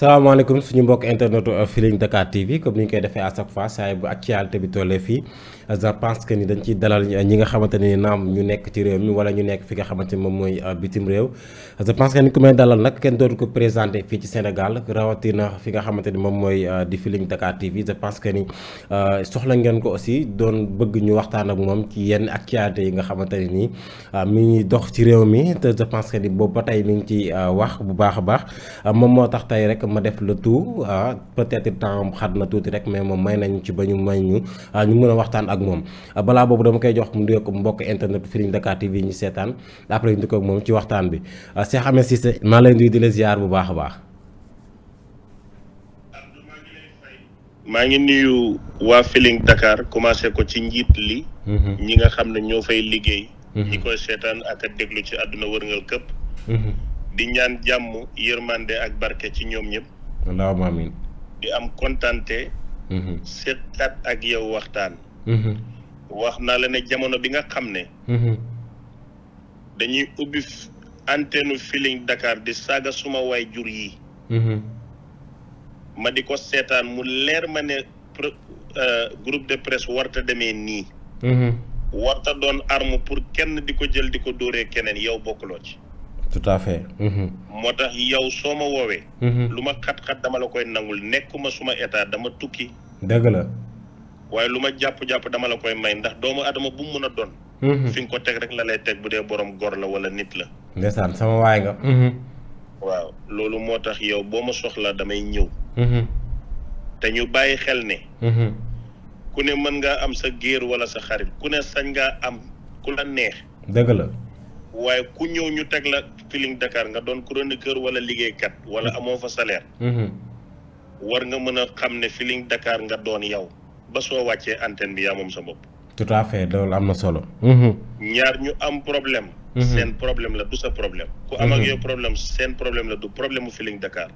salaamaaleykum suñu mbokk internetu Feeling Dakar TV comme ni ñu koy defee à chaque fois saa bu actualité bi tollee fii je pense ni dañ ciy dalal ñi nga xamante ni naam ñu nekk ci réew mi wala ñu nekk fi nga xamante ni moom mooy euh, bitim réew je ni ku dalal nag kenn dootu ko présenté fii ci rawatina fi nga xamante ni moom mooy euh, di Feeling Dakar TV je pense que ni euh, soxla ngeen ko aussi doon bëgg ñu waxtaan ak moom ci yenn actualité yi nga xamante ne nii mi ngi dox ci réew mi te pense que boobu ba tey mi ngi ciy wax bu baax a baax moom moo tax tey rek. ma def le tout ah peut temps xat na tuuti rek mais moom may nañ ci ba ñu may ñu ah, ñu mën a waxtaan ak moom ah, balaa boobu dama koy jox mu nuyoo ko mbokk internet Feeling Dakar TV ñu seetaan après ñu ko ak moom ci waxtaan bi ah, Cheikh Ahmed Cissé maa lay nuyu di la ziar bu baax a baax. maa ngi nuyu waa Feeling Dakar commencé ko ci njiit li mhm. ñi nga xam ne ñoo fay liggéey. Mhm. ñi koy seetaan ak déglu ci àdduna wërngal këpp. Mhm. di ñaan jàmm yërmande ak barke ci ñoom ñëpp. allahumma di am kontante. Mm-hmm. seqaat ak yow waxtaan. Mm-hmm. wax naa la ne jamono bi nga xam ne. Mm-hmm. dañuy ubbi antenne Feeling Dakar di saaga suma waay jur yi. ma di ko seetaan mu leer ma ne euh, groupe de presse warta demee nii. warta doon arme pour kenn di ko jël di ko dóoree keneen yow bokkuloo ci. tout à mm-hmm. moo tax yow soo ma woowee. Mm-hmm. lu ma xat-xat dama la koy nangul nekkuma suma état dama tukki. dëgg la. waaye lu ma jàpp-jàpp dama la koy may ndax doomu adama bu mu mën a doon. Mm-hmm. fi nga ko teg rek la lay teg bu dee borom gor la wala nit la. ndeysaan sama waay nga. waaw loolu moo tax yow boo ma soxlaa damay ñëw. te ñu bàyyi xel ne. ku ne mën ngaa am sa géer wala sa xarit ku ne sañ ngaa am ku la neex. dëgg la. waaye ku ñëw ñu teg la. Feeling Dakar nga doon chroniqueur wala liggéeykat wala amoo fa salaire. Mhm. war nga mën a xam ne Feeling Dakar nga doon yow ba soo wàccee antenne bi yaa moom sa bopp. tout à fait loolu am na solo. Mhm. ñaar ñu am problème. Mhm. seen problème la du sa problème. ku am ak problème seen problème la du problème mu Feeling Dakar.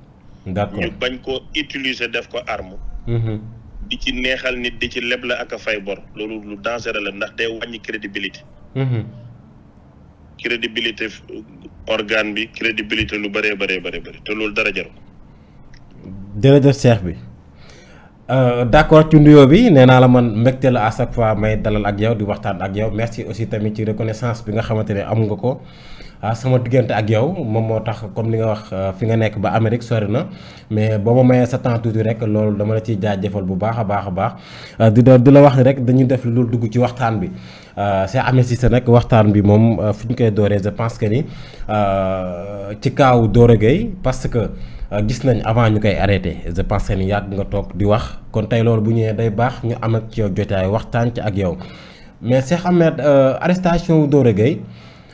d'accord ñu bañ koo utiliser def ko arme. di ci neexal nit di ci leb la ak fay bor loolu lu dangereux la ndax day wàññi crédibilité. crédibilité organe bi crédibilité lu bëree bëree bëri bëri te loolu dara jaru jërëjëf Cheikh bi euh, d'accord ci nuyoo bi nee naa la man mbégte la à chaque fois may dalal ak yow di waxtaan ak yow merci aussi tamit ci reconnaissance bi nga xamante ne am nga ko ah sama diggante ak yow moom moo tax comme li nga wax euh, fi nga nekk ba Amérique sori na mais boo ma mayee sa temps tuuti rek loolu dama la ciy jaajëfal bu baax a baax a baax euh, di doo di la wax ni rek dañuy def lu dugg ci waxtaan bi Cheikh Ahmed Cissé nag waxtaan bi moom euh, fu ñu koy dooree je pense que ni ci kaaw Doro Gueye parce que gis nañ avant ñu koy arrêté je yàgg nga toog di wax kon tey loolu bu ñëwee day baax ñu am ak yow jotaay waxtaan ci ak yow mais Cheikh Ahmed arrestation Doro Gueye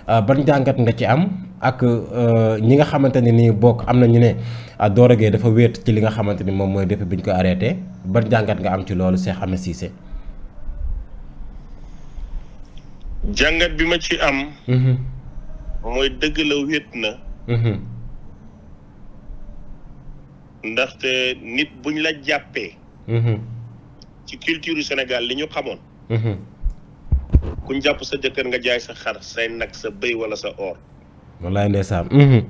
Euh, ban jàngat nga ci am ak euh, ñi nga xamante ne nii bokk am na ñu ne euh, Doro Gueye dafa wéet ci li nga xamante ni moom mooy depuis bi ñu ko arrêté ban jàngat nga am ci loolu Cheikh Ahmed Cissé. jàngat bi ma ci am. Mm-hmm. mooy dëgg la wéet na. Mm-hmm. ndaxte nit buñ la jàppee. Mm-hmm. ci culture Sénégal li ñu xamoon. kuñ jàpp sa jëkkër nga jaay sa xar say nag sa bëy wala sa or. wallaay ndeysaan. Mhm.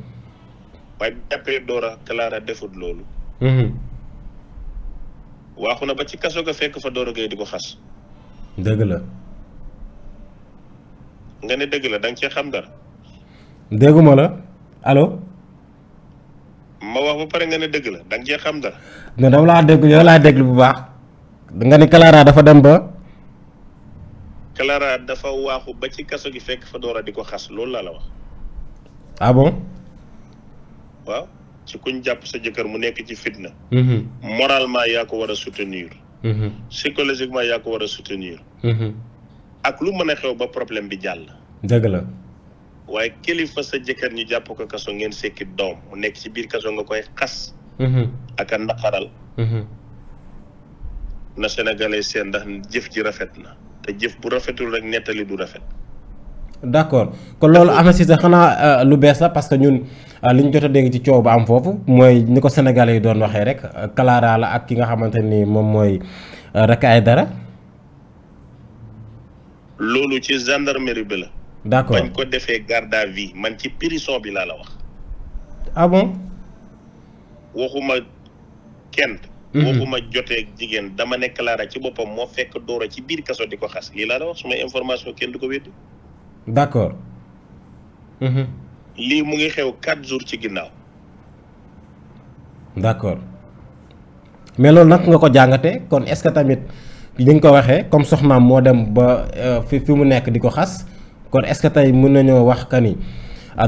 waaye jàppee Dora kalaara defut loolu. Mhm. waaxu na ba ci kaso ga fekk fa Dora Gueye di ko xas. dëgg la. nga ne dëgg la da nga xam dara. dégguma la allo. ma wax ba pare nga ne dëgg la danga nga xam dara. ne dama laa dégg yow laa déglu bu baax. nga ni Clara dafa dem ba. Clara dafa waaxu ba ci kaso gi fekk fa Dora di ko xas loolu laa la wax. ah waaw ci kuñ jàpp sa jëkkër mu nekk ci fitna. Mm-hmm. moralement yaa ko war a soutenir. Mm-hmm. psychologiquement yaa ko war a soutenir. Mm-hmm. ak lu mën a xew ba problème bi jàll. dëgg la. waaye kilifa sa jëkkër ñu jàpp ko kaso ngeen sekki doom mu nekk ci biir kaso nga koy xas. ak a naqaral. na sénégalais seen ndax jëf ji rafet na. jëf bu rafetul rek nettali du rafet. d' accord kon loolu am na si xanaa euh, lu bees la parce que ñun euh, li ñu jot a dégg ci coow ba am foofu mooy ni ko senegal yi doon waxee rek euh, Clara la ak ki nga xamante ni moom mooy rek ay dara. loolu ci gendarmerie bi la. d' accord bañ ko defee garde à vue man ci prison bi laa la wax. ah waxuma kenn Mhm. ma jotee jigéen dama ne Clara ci boppam moo fekk Doro ci biir kaso di ko xas lii laa la wax ma information kenn du ko weddi d'accord mhm. lii mu ngi xew quatre jours ci ginnaaw d'accord mais loolu nag nga ko jàngate kon est-ce que tamit li nga ko waxee comme soxnaam moo dem ba euh, fi fi mu nekk di ko xas kon est-ce que tey mën nañoo wax ka ni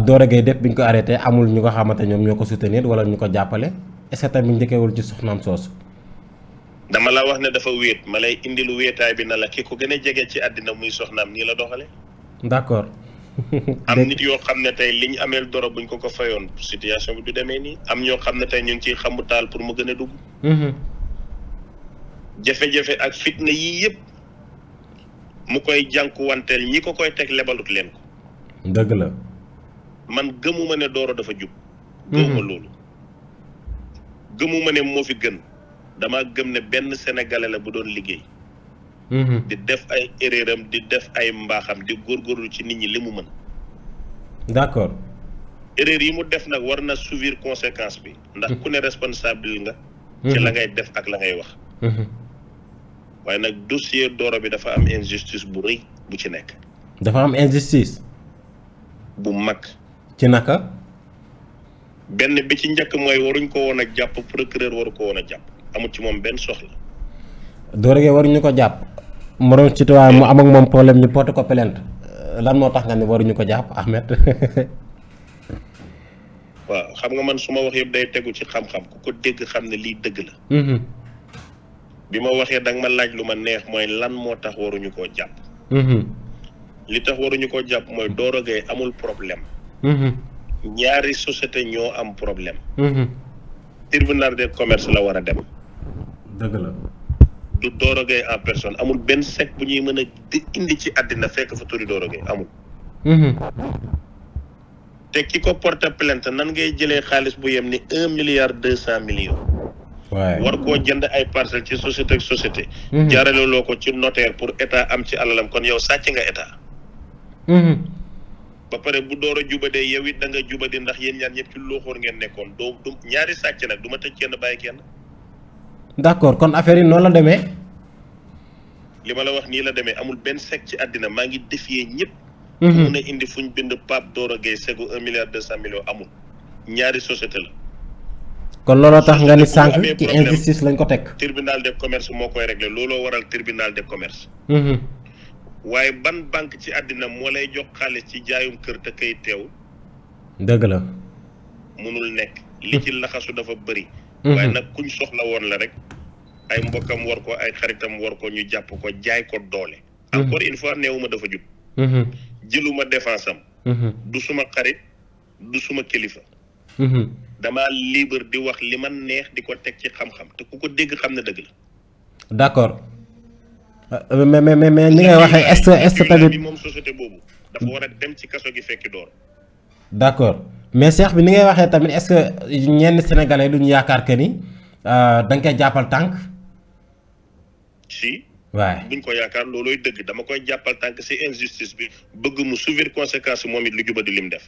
Doro Gaye dépp bi ñu ko arrêté amul ñu ko xamante ñoom ñoo ko soutenir wala ñu ko jàppale est-ce que tamit njëkkewul ci soxnaam soosu. dama la wax ne dafa wéet ma lay indi lu wéetaay bi na la ki ko gën a jege ci àddina muy soxnaam nii la doxale d'accord. am nit yoo xam ne tey li ñu ameel doro buñ ko ko fayoon situation bi du demee nii am ñoo xam ne tey ñu ngi ciy xamu taal pour mu gën a dugg. Mhm. jafe-jafe ak fitna yii yëpp mu koy jànkuwanteel ñi ko koy teg lebalut leen ko. dëgg la. man gëmuma ne dooro dafa jub. Mhm. gëmuma loolu. gëmuma ne moo fi gën dama gëm ne benn sénégalais la bu doon liggéey mhm. di def ay erreur am di def ay mbaaxam di góorlu ci nit ñi li mu mën d'accord erreur yi mu def nag war na subir conséquence bi ndax mhm. ku ne responsable nga mhm. ci la ngay def ak la ngay wax waaye nag dossier dooro bi dafa am injustice bu rëy bu ci nekk dafa am injustice bu mag ci naka benn bi ci njëkk mooy waruñ ko woon a jàpp procureur waru ko woon a jàpp amul ci moom benn soxla. Doro Gaye waruñu ko jàpp. moroom citoyen mu am ak moom problème ñu porté ko lan moo tax nga ne waruñu ko jàpp Ahmed. xam nga man su ma wax yëpp day ci xam-xam xam ne lii dëgg la. Mm-hmm. bi ma waxee danga ma laaj lu ma neex mooy lan moo tax waruñu koo jàpp. Mm-hmm. li tax waruñu koo jàpp mooy Doro amul problème. Mm-hmm. ñaari société ñoo am problème. Mhm. tribunal de commerce la war a dem. du Doro Gaye en personne amul benn sec bu ñuy mën a indi ci àddina fekk fa turi Doro amul. Mhm. te ki ko porte plainte nan ngay jëlee xaalis bu yem ni un milliard deux cent millions. waaye war koo jënd ay parcelles ci société ak société. Mhm. jaarale loo ko ci notaire pour état am ci alalam kon yow sàcc nga état. ba pare bu door a jubadee yow it da nga jubadi ndax yéen yaan ñëpp ci looxoor ngeen nekkoon doo du ñaari sàcc nag du ma tëj kenn bàyyi kenn. d'accord kon affaire yi noonu la demee. li ma la wax nii la demee amul benn sec ci àddina maa ngi défier ñëpp. Mhm. mun a indi fuñ bind Pape Doro Gueye segu un milliard deux cent millions amul ñaari société la. kon looloo tax nga ni sànq ci injustice lañ ko teg. tribunal de commerce moo koy réglé looloo waral tribunal de commerce. Mhm. waaye ban banque ci àddina moo lay jox xaalis ci jaayum kër te kay teew dëgg la munul nekk li ci laxasu dafa bari mhm. waaye nag kuñ soxla woon la rek ay mbokkam war ko ay xaritam war ko ñu jàpp ko jaay ko doole mhm. encore une fois neewuma dafa jub mhm. jëluma défense am du suma xarit du suma kilifa dama libre di wax li ma neex di ko teg ci xam-xam te ku ko dégg xam na dëgg la d'accord Euh, mais mais mais ni ngay waxee est ce est ce tamit. moom société boobu dafa war a dem ci kaso gi fekki door. d' accord mais Cheikh bi ni ngay waxee tamit est ce que ñenn sénégalais duñu yaakaar que ni euh, da nga koy jàppal tànk. si. waaye buñ ko yaakaar loolooy dëgg dama koy jàppal tànk si injustice bi bëgg mu subir conséquence moom it lu juba di lim def.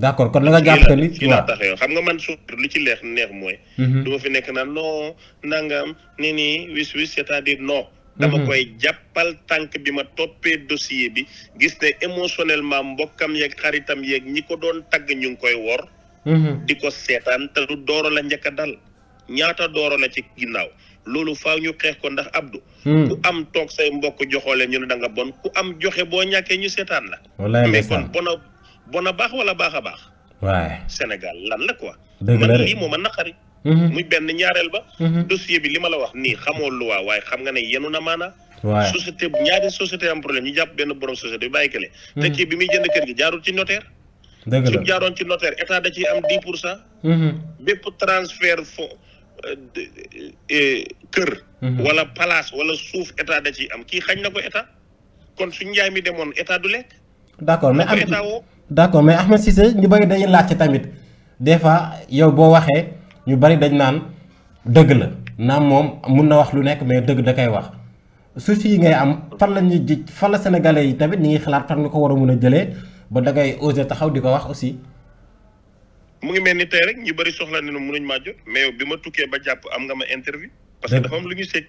d' accord kon la nga jàpp que ni ci laa tax yow xam nga man suuf lu ci leex neex mooy. Mhm. du ma fi nekk naan non nangam ni nii wis wis c' est à dire non. dama mhm. koy jàppal tànk bi ma toppee dossier bi gis ne émotionnellement mbokkam yeeg xaritam yeeg ñi ko doon tagg ñu ngi koy wor mhm. di ko seetaan te du dooro la njëkk a dal ñaata dooro la ci ginnaaw loolu faaw ñu xeex ko ndax Abdou mhm. ku am toog say mbokk joxoole ñu ne da nga bon ku am joxe boo ñàkkee ñu seetaan la mais kon bon a baax wala baax a baax waaye lan la ko quoi man lii mooma naqari Mm-hmm. muy benn ñaareel ba mm-hmm. dossier bi li ma la wax nii xamoo luwaa waaye xam nga ne yenu na maanaa société ñaari société am problème ñu jàpp benn borom société bi bàyyi kële te mm-hmm. kii bi muy jënd kër gi jaarul ci notaire dëgg la su jaaroon ci notaire état da ciy am dix pour cent bépp transfert fond euh, euh, euh, kër wala palace wala suuf état da ciy am kii xañ na ko état kon suñ njaay mi demoon état du lekk d'accord mais am d'accord mais Ahmed Cissé ñu bëri dañuy laajte tamit des fois yow boo waxee ñu bari dañ naan dëgg la naam moom mun na wax lu nekk mais dëgg da koy wax suuf yi ngay am fan la ñuy ji fan la sénégalais yi tamit ñu ngi xalaat fan nga ko war a mun a jële ba dangay oser taxaw di ko wax aussi. mu ngi mel ni tey rek ñu bëri soxla nañu mënuñ maa jot mais bi ma tukkee ba jàpp am nga ma interview. parce que dafa am lu ñu sekk.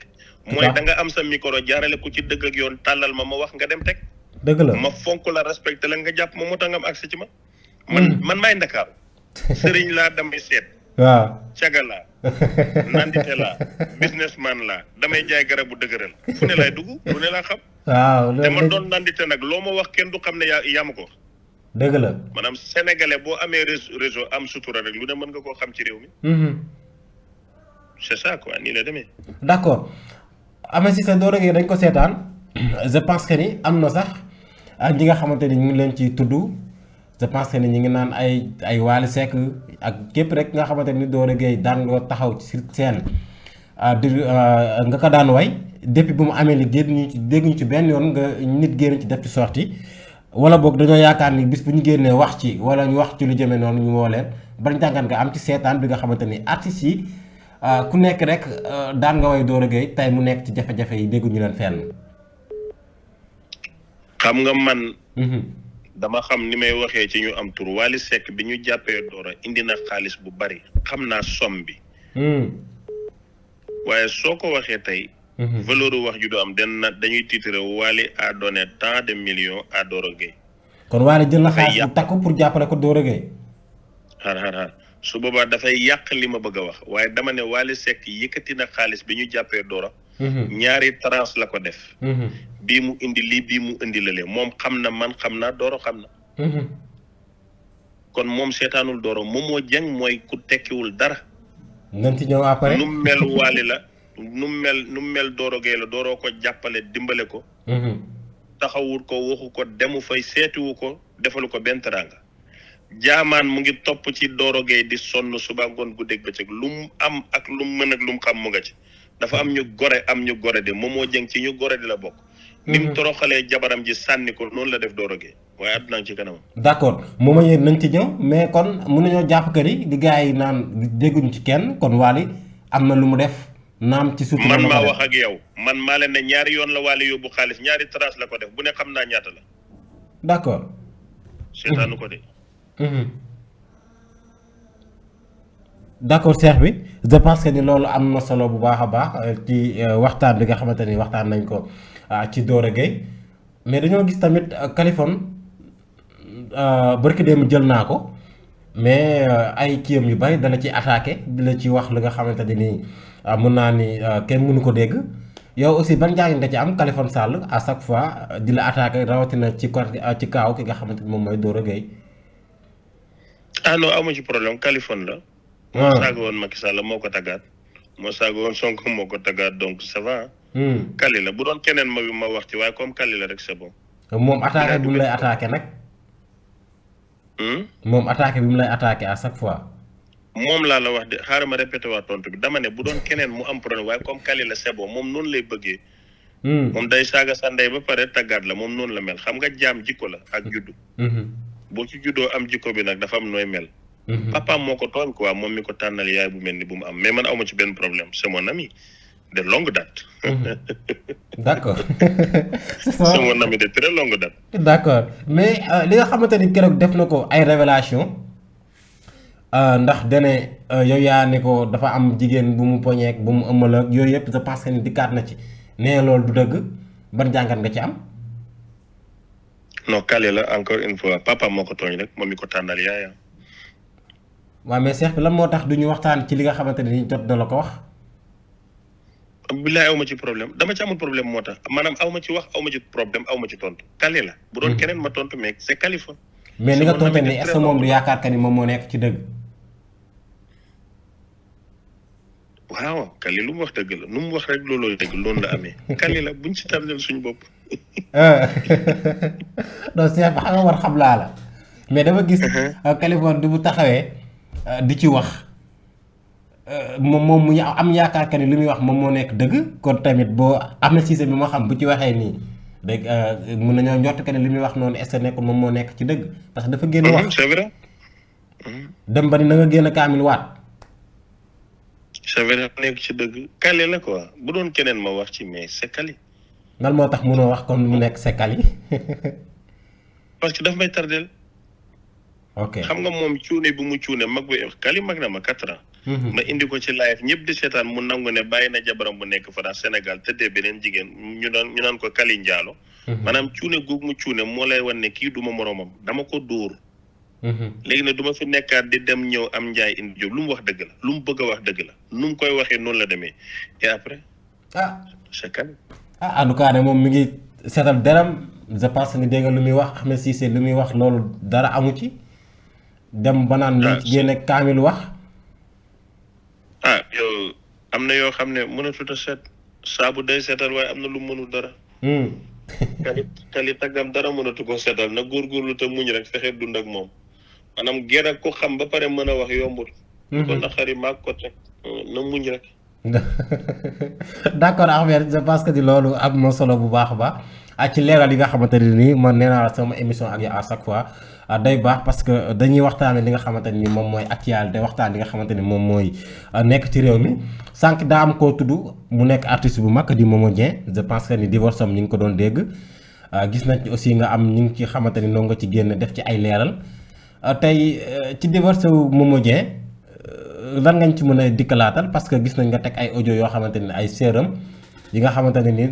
mooy da nga am sa micro jaarale ko ci dëgg ak yoon tàllal ma ma wax nga dem teg. dëgg la ma fonk la respecté la nga jàpp moo tax nga am accès ci ma. man hmm. man maay Ndakaaru. sëriñ laa damay seet. waaw caga laa nandite laa businessman laa damay jaay garabu dëgëral fu ne laay dugg lu ne laa xam waaw dama doon nandite nag loo ma wax kenn du xam ne yaa yam ko dëgg la maanaam sénégalais boo amee réseau am sutura rek lu ne mën nga koo xam ci réew mi mm-hmm. c'est ça quoi nii la demee d'accord Ahmed Cissé Lo rek dañ ko seetaan je pense que ni am na sax ah, ñi nga xamante ni ñu leen ci tudd je pense que ni ñu ngi naan ay ay Wally Seck ak képp rek nga xamante ni Doro géey daan loo taxaw ci seen ah, di ah, nga ko daan way depuis bu mu amee li génn ñu ci dégg ñu ci benn yoon nga nit génn ci def ci sorti wala boog dañoo yaakaar ni bis bu ñu génnee wax ci wala ñu wax ci lu jëmee noonu ñu woo leen bañ jàngat nga am ci seetaan bi nga xamante ni artistes yi ah, ku nekk rek daan nga way Doro Gueye tey mu nekk ci jafe-jafe yi dégguñu leen fenn. xam nga man. Mm-hmm. dama xam ni may waxee ci ñu am tur Wally Seck bi ñu jàppee Dora indi na xaalis bu bari xam naa somme bi. Hmm. waaye soo ko waxee tey. Hmm. valeur wax ju du am den na dañuy titre Wally a donné tant de million à Dora Gueye. kon Wally jël na xaalis bu takku pour jàppale ko Dora Gueye. su boobaa dafay yàq li ma bëgg a wax waaye dama ne Wally sekk yëkkati na xaalis bi ñu jàppee Dora. Mm-hmm. ñaari tranche la ko def mm-hmm. bii mu indi lii bii mu indi la lee moom xam na man xam naa dooro xam na mm-hmm. kon moom seetaanul dooro Momo Dieng mooy ku tekkiwul dara nañ ci nu mel waali la nu mel dooro gay la dooroo ko jàppale dimbale ko taxawul ko waxu ko demu fay seetiwu ko defalu ko benn teraanga jaamaan mu ngi topp ci doorogee di sonn suba ngoon guddeeg bëccëg lu mu am ak lu mu mën ak lu mu xam mu nga ci dafa am ñu gore am ñu gore di moom moo jëng ci ñu gore di la bokk. ni mu mhm. toroxalee jabaram ji sànni ko noonu la def Doro Gueye waaye àdduna ci kanam. d' accord moom yéen nañ ci ñëw mais kon mën nañoo jàpp kër yi di gars yi naan dégguñ ci kenn kon Wally am na lu mu def naam ci suuf. man maa wax ak yow man maa leen ne ñaari yoon la Wally yóbbu xaalis ñaari trace la ko def bu ne xam naa ñaata la. d' accord. seetaanu ko de. Mhm. d' accord Cheikh bi je pense que ni loolu am na solo bu baax a baax euh, ci euh, waxtaan bi nga xamante ni waxtaan nañ ko euh, ci Doro Gueye mais dañoo gis tamit Kaliphone barki dem jël naa ko mais ay kiyam yu bari dana ci attaqué di la ci wax li nga xamante ne nii mun naa ni kenn mënu ko dégg yow aussi ban njaayin da ci am Kaliphone Sall à chaque fois di la attaqué rawatina ci ci kaaw ki nga xamante ni moom mooy Doro Gueye. ah non amu ci problème Kaliphone la. Ah. moo saaga woon Macky Sall moo ko taggaat moo saaga woon moo ko taggaat donc ça va hmm. la bu doon keneen ma bi ma wax ci waaye comme la rek c'est bon moom attaqué bi mu lay attaqué nag hmm? moom attaqué mu lay attaqué à chaque fois moom laa la wax de xaaral ma répété tontu bi dama ne bu doon keneen mu am problème waaye comme kali la sebo moom noonu lay bëggee hmm. moom day saaga sa ndey ba pare taggaat la moom noonu la mel xam nga jaam jikko la ak juddu boo ci juddoo am jikko bi nag dafa am nooy mel Mm-hmm. papa moo ko tooñ quoi moom mi ko tànnal yaay bu mel ni bu mu am mais man awma ci benn problème c'est mon de longue date. Mm-hmm. d'accord. c'est mon ami de très longue date. d'accord mais euh, li nga xamante ni keroog def na ko ay révélation euh, ndax dene euh, yow yaa ne ko dafa am jigéen bu mu poñeek bu mu ëmmal ak yooyu yëpp je pense ni dikkaat na ci nee loolu du dëgg ban jàngat nga ci am. non kale la encore une fois papa moo ko tooñ rek moom mi ko tànnal yaayam. waaw mais seex bi lan moo tax duñu waxtaan ci li nga xamante ne jot na la ko wax. billaay aw ma ci problème dama ci amul problème moo tax maanaam aw ma ci wax aw ma ci problème aw ma ci tontu kale la. bu doon hmm. keneen ma tontu mais c'est Kaliphone. mais ni nga tontu ne est-ce que moom ni moom moo ci dëgg. waaw kali lu mu wax dëgg la nu mu wax rek looloo loolu la amee kali la buñ ci tardel suñu bopp. Ah. non seex ba xam nga war xam la mais dama gis. Kaliphone du bu taxawee. Euh, di ci wax euh, moom moom mu am yaakaar ka ni li muy wax moom moo nekk dëgg kon tamit boo am na siise bi moo xam bu ci waxee nii dégg euh, mun nañoo njort que ni li muy wax noonu est-ce que nekkul moom moo nekk ci dëgg parce que dafa génn wax mhm, c'est mhm. dem ba na génn kaamil waat dëgg kale la ko bu doon keneen ma wax ci mais c'est kali lan moo tax munoo wax kon mu nekk sekkali parce que daf may tardel ok xam nga moom cuune bi mu cuune mag bi kali mag na ma quatre ans. Mhm. ma indi ko ci live ñëpp di seetaan mu nangu ne bàyyi na jabaram bu nekk France Sénégal tëddee beneen jigéen ñu naan ñu naan ko kali njaalo. Mhm. maanaam cuune goog mu cuune moo lay wan ne kii du ma moroomam dama ko dóor. Mhm. léegi nag duma fi nekkaat di dem ñëw am njaay indi jóob lu mu wax dëgg la lu mu bëgg a wax dëgg la nu mu koy waxee noonu la demee et après. ah c'est calme. ah en moom mu ngi seetal deram je pense que dégg nga lu muy wax Ahmed Cissé lu muy wax loolu dara amu ci. dem ba naan. waaw ah, ci génne kaamil wax. ah yow am na yoo xam ne mënatut a set saabu day seetal waaye am na lu mënul dara. kali hmm. kali taggam dara mënatu ko seetal na góor góor góorgóorlu te muñ rek fexe dund ak moom maanaam gën a ko xam ba pare mën a wax yombul. Hmm. ko naqari maag ko teg na muñ rek. d'accord Ahmed je pense que di loolu am na solo bu baax ba baax ci leeral yi nga xamante ne nii man nee sama émission ak yow à chaque fois. day baax parce que dañuy waxtaane li nga xamante ni moom mooy actualité waxtaan li nga xamante ni moom mooy euh, nekk ci réew mi sànq daa am koo tudd mu nekk artiste bu mag di Momo Dieng je pense que ni divorce am ñu ngi ko doon dégg euh, gis nañ aussi nga am ñu ngi ci xamante ni noonu nga ci génn def ci ay leeral euh, tey ci divorce Momo Dieng lan ngañ ci mën a dikkalaatal parce que gis nañ nga teg ay audio yoo xamante ni ay séeram yi nga xamante ne ni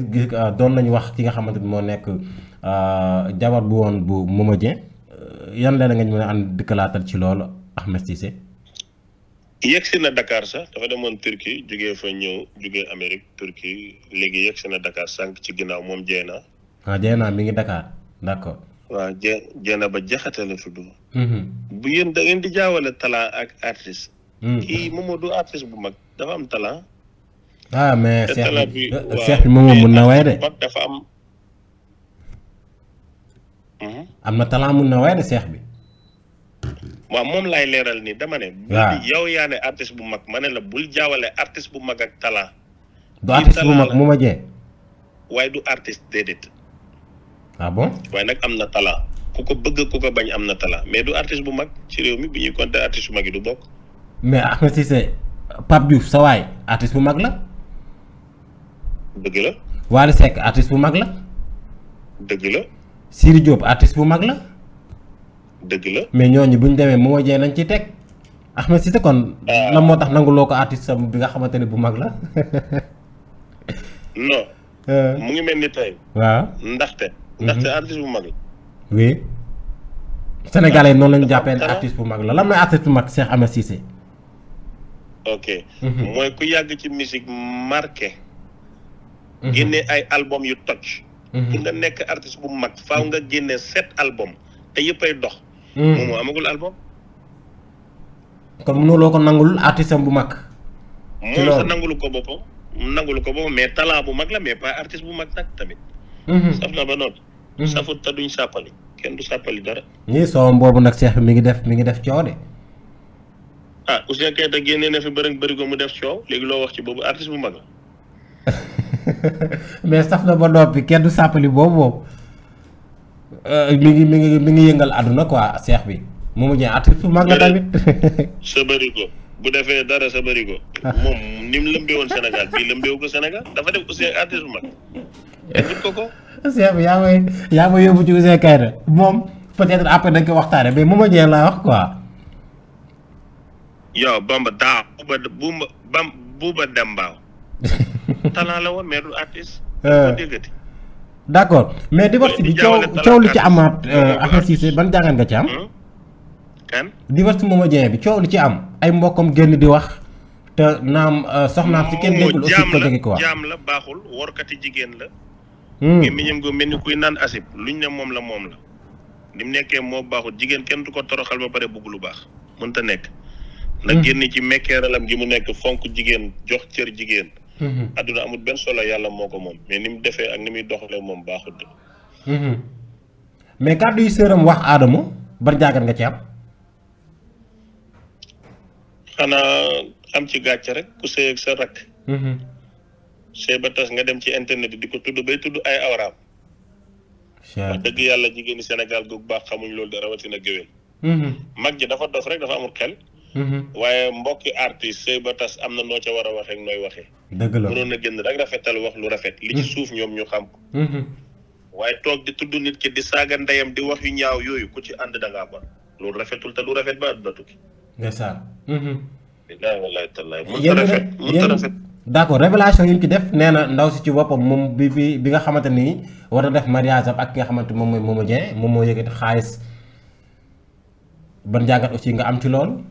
doon nañu wax ki nga xamante ni moo nekk jabar bu woon bu Momo Dieng yan leen nga ñu mën a ànd dëkkalaatal ci loolu Ahmed Cissé. yegsi na Dakar sax dafa demoon Turquie jógee fa ñëw jógee Amérique Turquie léegi yegsi na Dakar sànq ci ginnaaw moom Diena. ah Diena mi ngi Dakar d'accord. waaw je Diena ba jaxate mhm. bu yéen da ngeen di mhm. ah, na waaye de. am na talent mun na waaye de seex bi. waaw moom laay leeral nii dama ne. waaw yow yaa ne artiste bu mag ma ne la bul jaawale artiste bu mag ak talent. du artiste bu mag mu ma jee. waaye du artiste déedéet. ah bon waaye nag am na talent ku ko bëgg ku ko bañ am na talent mais du artiste bu mag ci réew mi bu ñuy compter artiste bu mag yi du bokk. mais Ahmed Cissé Pape Diouf sa waay artiste bu mag la. dëgg la. Wally Seck artiste bu mag la. dëgg la. Siri Diop artiste bu mag la. dëgg la mais ñooñu buñ ñu demee Momo Dieng nañ ci teg. Ahmed Cissé kon. Ah. lan moo tax nanguloo ko artiste sam bi nga xamante ne bu mag la. non. Euh. mu ngi mel ni tey. waaw ndaxte. Mhm. ndaxte artiste bu mag la. oui. Sénégalais noonu lañu jàppee ne artiste bu mag la lam mooy artiste bu mag Cheikh Ahmed Cissé. ok. Mhm. mooy ku yàgg ci musique marqué. Mhm. génne ay album yu toj. Mm-hmm. pour nga nekk artiste bu mag faaw nga génne sept album te ay dox. Mm-hmm. moom moo amagul album. kon mënuloo ko nangul artiste bu mag. ci loolu moom sax nangulu ko boppam nangulu ko boppam mais talent bu mag la mais pas artiste bu mag nag tamit. Mm-hmm. saf na ba noot. safut te duñ sàppali kenn du sàppali dara. ñii soom boobu nag seex bi mi ngi def mi ngi def coow de. ah Ouzin Keita génnee na fi bëri bëri ko mu def coow léegi loo wax ci boobu artiste bu mag la. mais saf na ba noppi kenn du sàppali boobu boobu euh, mu ngi mi ngi mi ngi yëngal àdduna quoi seex bi mu mujjee artiste bu mag tamit. sa bu defee dara sa barigo. Ah. moom ni mu lëmbee woon bu mag. seex bi yaa may yaa may yóbbu ci Ouzin Keita moom peut-être après dañ ko waxtaane mais mu mujjee laa wax quoi. yow Bamba daa Bouba Bouba Bouba Demba. talent la woon mais du artiste. dafa euh, déggati. d' accord mais divorce bi coow coow ci amaat euh, Ahmed Cissé ban jàngat nga ci am. Hmm? kan divorce bi Momo Dieng bi coow li ci am ay mbokkam génn di wax te naam euh, soxnaam si kenn déggul aussi ko dégg ko wax jaam la baaxul workati jigéen la. Hmm. ngir miñam go mel ni kuy naan asib luñ ne moom la moom la. ni mu nekkee moo baaxul jigéen kenn ko toroxal ba pare bëgg lu baax mënta nekk. na hmm. génn ci mekkeeralam gi mu nekk fonk jigéen jox cër jigéen. adduna mm-hmm. amul benn solo yàlla moo ko moom mais ni mu defee ak ni muy doxalee moom baaxul de. Mm-hmm. mais kàddu yi sëram wax aadama ba jàngat nga ci am. xanaa am ci gàcce rek ku sëy sa rakk. Mm-hmm. sëy ba tas nga dem ci internet di ko tudd bay tudd ay awraam. wax dëgg yàlla jigéeni Sénégal gu baax xamuñ loolu de rawatina géwél. mag ji dafa dof rek dafa amul xel. Mhm. waaye mbokki artiste sëy ba tas am na noo ca war a waxee ak nooy waxee. dëgg la mënoon a génn rek rafetal wax lu rafet. li ci mhm. suuf ñoom ñu xam ko. Mhm. waaye toog di tudd nit ki di saaga ndeyam di wax yu ñaaw yooyu ku ci ànd da ngaa bon loolu rafetul te lu rafet ba àdduna tukki. ndeysaan. billaahi wallaahi tallaahi mënut a a rafet. ci def nee na ndaw si ci boppam moom bi bi bi nga xamante ni war a def mariage am ak ki nga xamante moom mooy moom Dieng moom moo yëkkati xaalis ban jàngat aussi nga am ci loolu.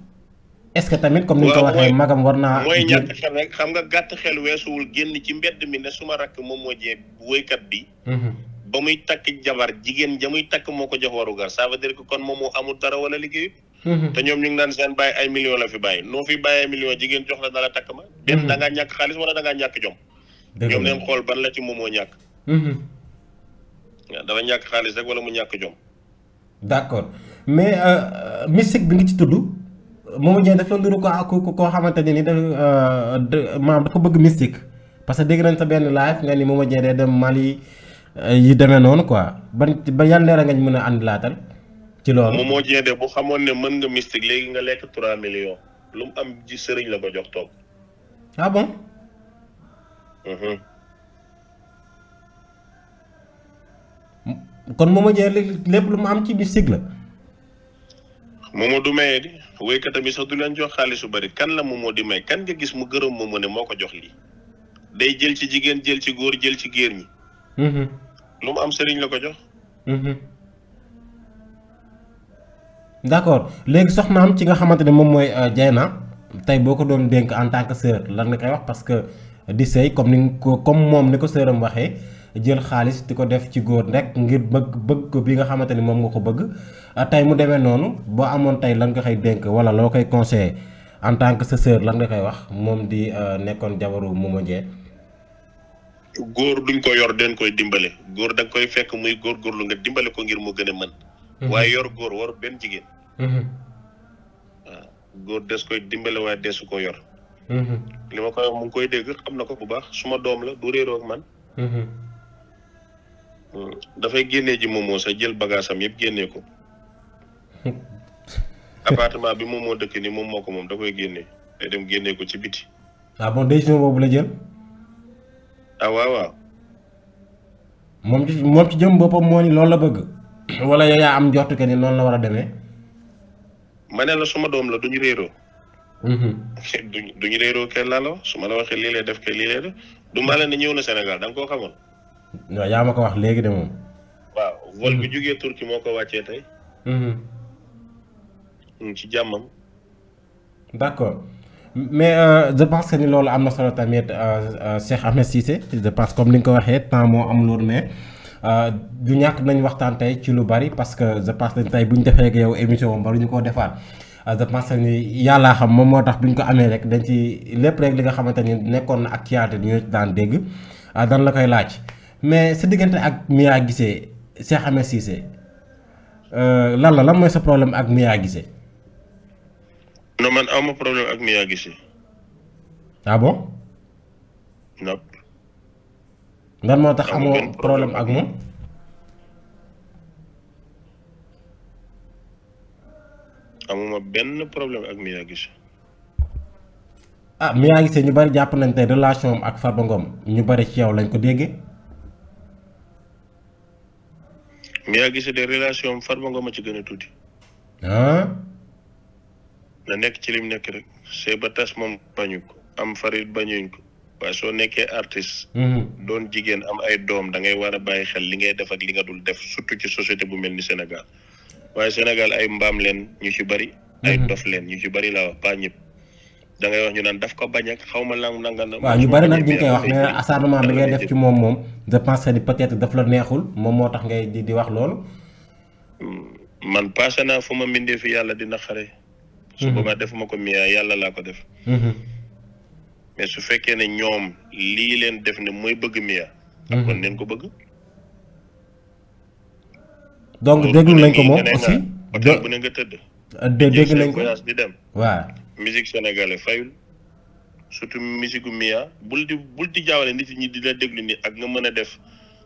est-ce que tamit comme ni nga ko waxee magam war naa. mooy ñàkk xel rek xam nga gàtt xel weesuwul génn ci mbedd mi ne suma rakk moom moo jee woykat bi. Mhm. ba muy takk jabar jigéen ja muy takk moo ko jox warugar a veut dire que kon moom moo amul dara wala liggéey. Mhm. ñu ngi naan seen bàyyi ay millions la fi bàyyi noo fi bàyyi ay millions jigéen jox la mhm. da ngaa ñàkk xaalis wala da ngaa ñàkk jom. ñoom neen xool ban la ci moom moo ñàkk. dafa ñàkk xaalis rek wala mu ñàkk jom. d'accord mais euh, mystique bi nga ci tudd. Momo Dieng dafa nduru ko ku koo xamante ni dafa euh, maanaam dafa bëgg mystique parce que dégg nañ sa benn live nga ni Momo Dieng day dem mal euh, yi demee noonu quoi ban ba yan nga ñu mën a ànd laatal ci loolu. Momo Dieng de xamoon mën nga mystique léegi nga lekk 3 millions mu am ji sëriñ la ko jox toog. ah bon. Mhm. kon Momo Dieng lépp lu mu am ci mystique la. Momo du maye di. woykatam yi sax du leen jox xaalis su bari kan la moo di may kan nga gis mu gërëm moomoo ne moo ko jox lii day jël ci jigéen jël ci góor jël ci géer ñi mm-hmm. lu mu am sëriñ la ko jox mm-hmm. d'accord léegi soxnaam ci nga xamante ne moom mooy euh, Dieyna tey boo ko doon dénk en tant que sœur lan nga koy wax parce que di sëy comme ni ko comme moom ni ko sœuram waxee jël xaalis di ko def ci góor rek ngir bëgg bëgg ko bi nga xamante ni moom nga ko bëgg a ah, tey mu demee noonu boo amoon tey lan nga koy dénk wala loo koy conseillé en tant que sa sœur lan nga koy wax moom di euh, nekkoon jabaru Momo Dieng góor ko yor den koy dimbale góor da nga koy fekk muy góorgóorlu nga dimbale ko ngir mu gën a mën mhm. waaye yor góor war benn jigéen mhm. ah, góor des koy dimbale desu ko yor mhm. li xam na ko bu baax suma doom la du réeroo ak man Hmm. dafay génne ji moom moo sa jël bagaasam am yëpp génnee ko. appartement bi moom moo dëkk ni moom moo ko moom da koy génne day dem génne ko ci biti. ah bon décision boobu la jël. ah waaw moom moom ci jëm boppam moo ni loolu la bëgg. wala yow yaa am njortu que ni noonu la war a demee. ma ne la suma doom la duñu réeroo. Mhm. duñu duñu réeroo kenn laa la su ma la waxee lii lay def ke lii lay def du maa leen ne ñëw na senegal da nga koo xamoon. waaw yaa ma ko wax léegi de moom. waaw vol bi jógee Turquie moo ko wàccee tey. Mhm. ci jàmmam. d' accord mais euh, je pense que loolu am na solo tamit euh, euh, Cheikh Ahmed Cissé je pense comme ni nga ko waxee temps moo am loolu mais. du ñàkk nañu waxtaan tey ci lu bari parce que je pense tey bu ñu defee ak yow émission ba ñu ko defaat je pense ni yàllaa xam moom moo tax bu ñu ko amee rek dañ ci lépp rek li nga xamante ni nekkoon na actualité du ñu daan dégg dan la koy laaj. mais sa diggante ak Mia gisee Cheikh Ahmed Cissé euh, lan la lan mooy sa problème ak Mia Guissé. non man awma problème ak Mia Guissé. ah bon. moo tax amoo problème ak moom. amuma benn problème ak Mia Guissé. ah Mia Guissé ñu bari jàpp nañ tey relation ak Farba Ngom ñu bari ci yow lañ ko déggee. yaa gisee de relation far Farba Ngom a ci gën a tuuti. ah. na nekk ci lim nekk rek c'est ba tas moom bañu ko am farit bañuñ ko waaye soo nekkee artiste. Mm-hmm. doon jigéen am ay doom da ngay war a bàyyi xel li ngay def ak li nga dul def surtout ci société bu mel ni Sénégal waaye Sénégal ay mbaam leen ñu ci bari. ay mm-hmm. dof leen ñu ci bari laa wax pas da ngay wax ñu daan daf ko bañ ak xaw ma lan nanga na waaw ñu bari nag ñu koy wax mais acharnement def ci moom moom je pense daf la neexul moom moo tax ngay di di wax mm, man passé naa fu ma mbindee fi yàlla dina xare su mhm. boobaa defuma ko miyaa yàlla laa ko def mhm. mais su fekkee ne ñoom lii leen def ne mooy bëgg miyaa ak mhm. kon neen ko bëgg donc dégg nañ ko moom aussi bu dégg nañ ko di musique sénégalais fayul surtout musique Mia bul di bul di jaawale nit ñi di la déglu ni ak nga mën a def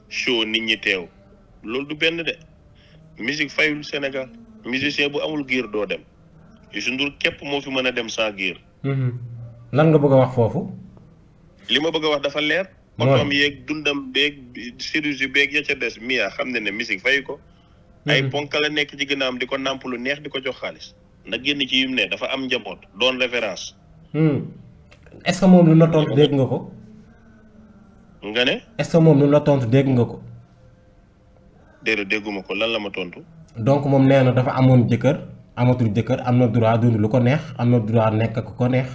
show nit ñi teew loolu du benn de musique fayul senegal musicien bu amul giir doo dem su Ndour képp moo fi mën a dem sans giir mhm. lan nga bëgg a wax foofu li ma bëgg a wax dafa leer otoom yeeg dundam beeg chirurgie beeg ya ca des Mia xam ne ne musique fay ko mhm. ay ponk la nekk ci gën a am di ko nàmp lu neex di ko jox xaalis ndax génn ci yim ne dafa am njaboot doon référence. Hmm. est-ce que moom lu dégg nga ko. nga ne. est-ce que moom lu tontu dégg nga ko. déedéet dégguma ko lan la ma tontu. donc moom nee na dafa amoon jëkkër amatul jëkkër am na droit dund lu ko neex am na droit nekk ak ko neex.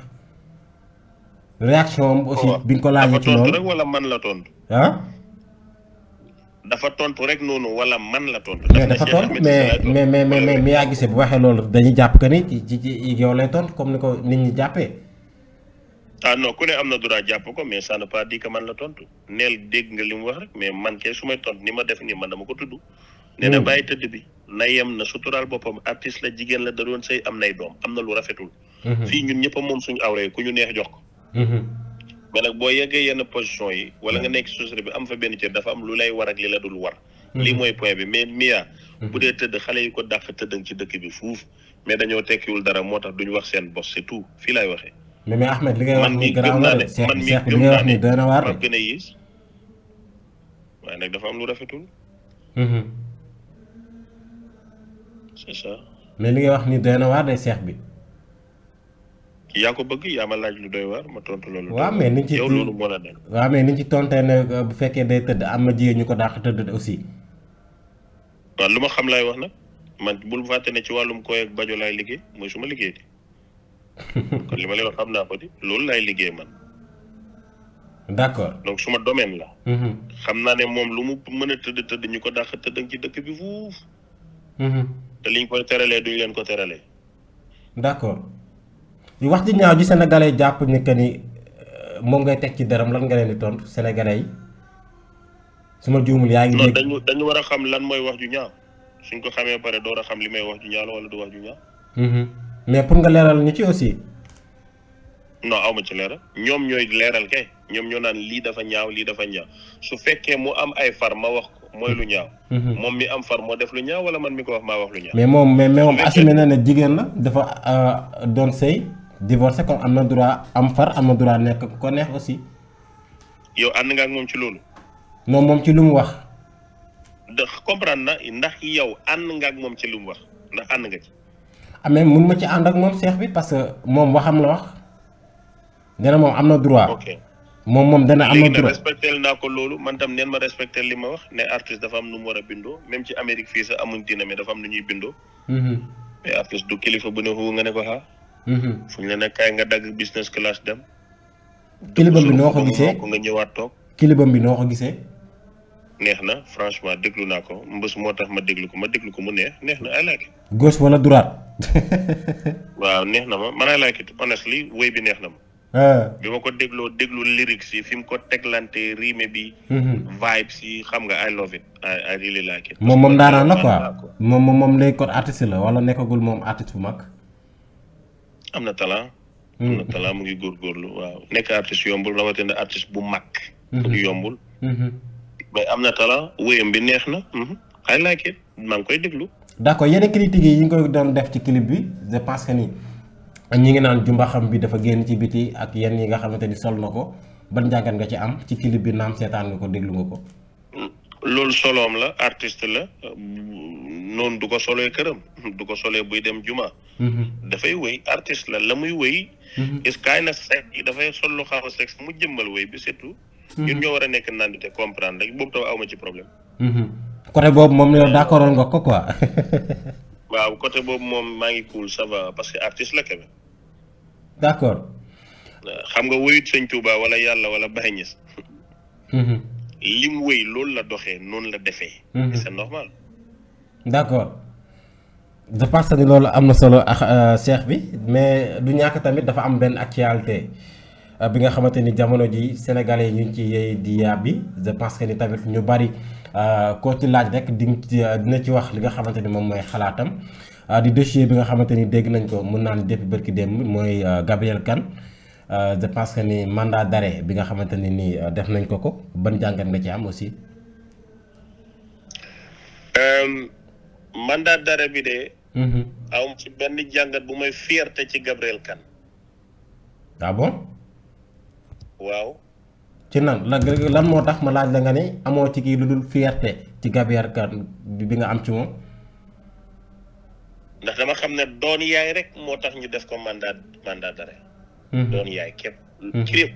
réaction am aussi bi ko laajee ci tontu rek wala man la tontu. ah. dafa tontu rek noonu wala man la tontu. mais mais mais mais mais yaa gisee bu waxee loolu dañuy jàpp que ni ci ci yow comme ni ko nit ñi jàppee. ah non ku ne am na droit jàpp ko mais ça ne pas man la tontu neel dégg nga li mu wax mais man kay su may tontu ni ma def nii man dama ko tudd. nee na bàyyi tëdd bi na yem na suturaal boppam artiste la jigéen la da doon sëy am nay doom am na lu rafetul. Mhm. fii ñun ñëpp moom suñu awra ku ñu neex jox ko. Mhm. mais nag boo yeggee yenn position yi wala nga hmm. nekk société bi am fa benn cër dafa am lu lay war ak li la dul war hmm. lii mooy point bi mais Mia hmm. bu dee tëdd xale yi ko dàq tëddang ci dëkk bi fuuf mais dañoo tekkiwul dara moo tax duñu wax seen bos c'est tout fii laay waxee mais mais Ahmed li ngay wax ni gën a waar de man mi gëm naa ne man gën nag dafa am lu rafetul c'est ça li ngay wax ni doy waar de seex bi yaa ko bëgg yaa ma laaj lu doy waar ma tontu loolu. waaw mais niñ ci yow loolu moo la nekk. waaw mais niñ ci tontee ne euh, bu fekkee day tëdd am na jigéen ñu ko dàq tëdd aussi. waaw lu ma xam laay wax nag man bul fàtte ne ci wàllum koy ak bajo laay liggéey mooy su ma liggéey di kon li ma lay wax xam naa ko di loolu laay liggéey man. d' accord donc suma domaine la. Mm-hmm. xam naa ne moom lu mu mën a tëdd tëdd ñu ko dàq tëdd ci dëkk bi fuuf. Mm-hmm. te liñ koy teralee duñ leen ko teralee. d' accord. wax ji ñaaw ji sénégalais jàpp ni que ni euh, moom ngay teg ci dërëm lan nga leen di tontu sénégalais yi su ma juumul yaa ngi. dañu war a xam lan mooy wax ju ñaaw suñ ko xamee pare door a xam li may wax ju ñaaw wala du wax ju ñaaw. Mm-hmm. mais pour nga leeral ñu ci aussi. non awma ci leeral ñoom ñooy leeral kay ñoom ñoo naan lii dafa ñaaw lii dafa ñaaw su fekkee mu am ay far ma wax ko mooy lu ñaaw. Mm-hmm. Mm-hmm. moom mi am far moo def lu ñaaw wala man mi ko wax maa wax lu ñaaw. mais moom mais moom assumé na ne jigéen la dafa euh, doon sëy divorcé kon am na droit am far am na droit nekk ko neex aussi. yow ànd nga ak moom ci loolu. non moom ci lu mu wax. ndax comprendre na ndax yow ànd nga ak moom ci lu mu wax ndax ànd nga ci. ah mais mun ma ci ànd ak moom seex bi parce que moom waxam la wax. nee na moom am na droit. ok moom moom dana am na droit respecté naa ko loolu man tam neen ma respecté li ma wax ne artiste dafa am nu mu war a bindoo même ci Amérique fii sax amuñ dina mais dafa am na ñuy bindoo. Mhm. mais artiste du kilifa bu ne xëw nga ne ko xaa. Mm-hmm. fuñ la ne kaay nga dagg business class dem. kilibam bi noo ko gisee nga ñëwaat toog. kilibam bi noo ko gisee. neex na franchement déglu naa ko mbës moo tax ma déglu ko ma déglu ko mu neex neex na I like it. gauche waaw neex na ma man I like it honestly wéy bi neex na ma. Ah. bi ma ko dégloo déglu lyrics yi fi ko teglante rime bi. Mm-hmm. vibes yi xam nga I love it I I really like it. moom moom daanaan la quoi moom moom moom léegi kon la wala nekkagul moom artiste bu mag. am na talent. am na hmm. talent mu ngi góorgóorlu waaw nekk artiste yombul rawatina artiste bu mag. bu hmm. yombul. mais hmm. am na talent wéyam bi neex na. I like it maa ngi koy déglu. d' accord yenn critiques yi ñu ngi koy doon def ci clip bi je pense ni ñi ngi naan jumba xam bi dafa génn ci biti ak yenn yi nga xamante ni sol na ko ban njàngat nga ci am ci clip bi naam seetaan nga ko déglu nga ko. loolu soloom la artiste la noonu du ko solee këram du ko solee buy dem juma. Mm-hmm. dafay wëy artiste la la muy wëy. Mm-hmm. is kaay na seet yi dafay sol lu xaw a sexe mu jëmbal wëy bi surtout. Mm-hmm. ñun ñoo war a nekk naan te comprendre rek boobu tam awma ci problème. côté boobu moom yow d'accord nga ko waaw côté boobu moom maa ngi cool ça va parce que artiste la quand même. xam nga wëyut sëñ Touba wala yàlla wala Baye lim wéy loolu la doxee noonu la defee. Mhm. c'est normal. d'accord je pense que loolu am na solo ak ah, ah, Cheikh bi mais du ñàkk tamit dafa am benn actualité ah, bi nga xamante ni jamono ji sénégalais yi ñu ngi ci yey di yàbbi je pense que ni tamit ñu bari koo ci laaj rek di dina ci wax li nga xamante ni moom mooy xalaatam di dossier bi nga xamante ni dégg nañ ko mën naa ni depuis bërki démb mooy Gabriel kan Euh, je pense que ni mandat dare bi nga xamante ne nii euh, def nañ ko ko ban jàngat na ci am aussi. Euh, mandat d'arrêt bi de. Mm-hmm. aw ci benn jàngat bu may fierté ci Gabriel kan ah bon. waaw. ci nan la lan moo tax ma laaj la nga ni amoo ci kii lu dul fierté ci Gabriel Kane bi nga am ci moom. ndax dama xam ne doon yaay rek moo tax ñu def ko mandat mandat d'arrêt Mhm. doon yaay képp ci mhm. réew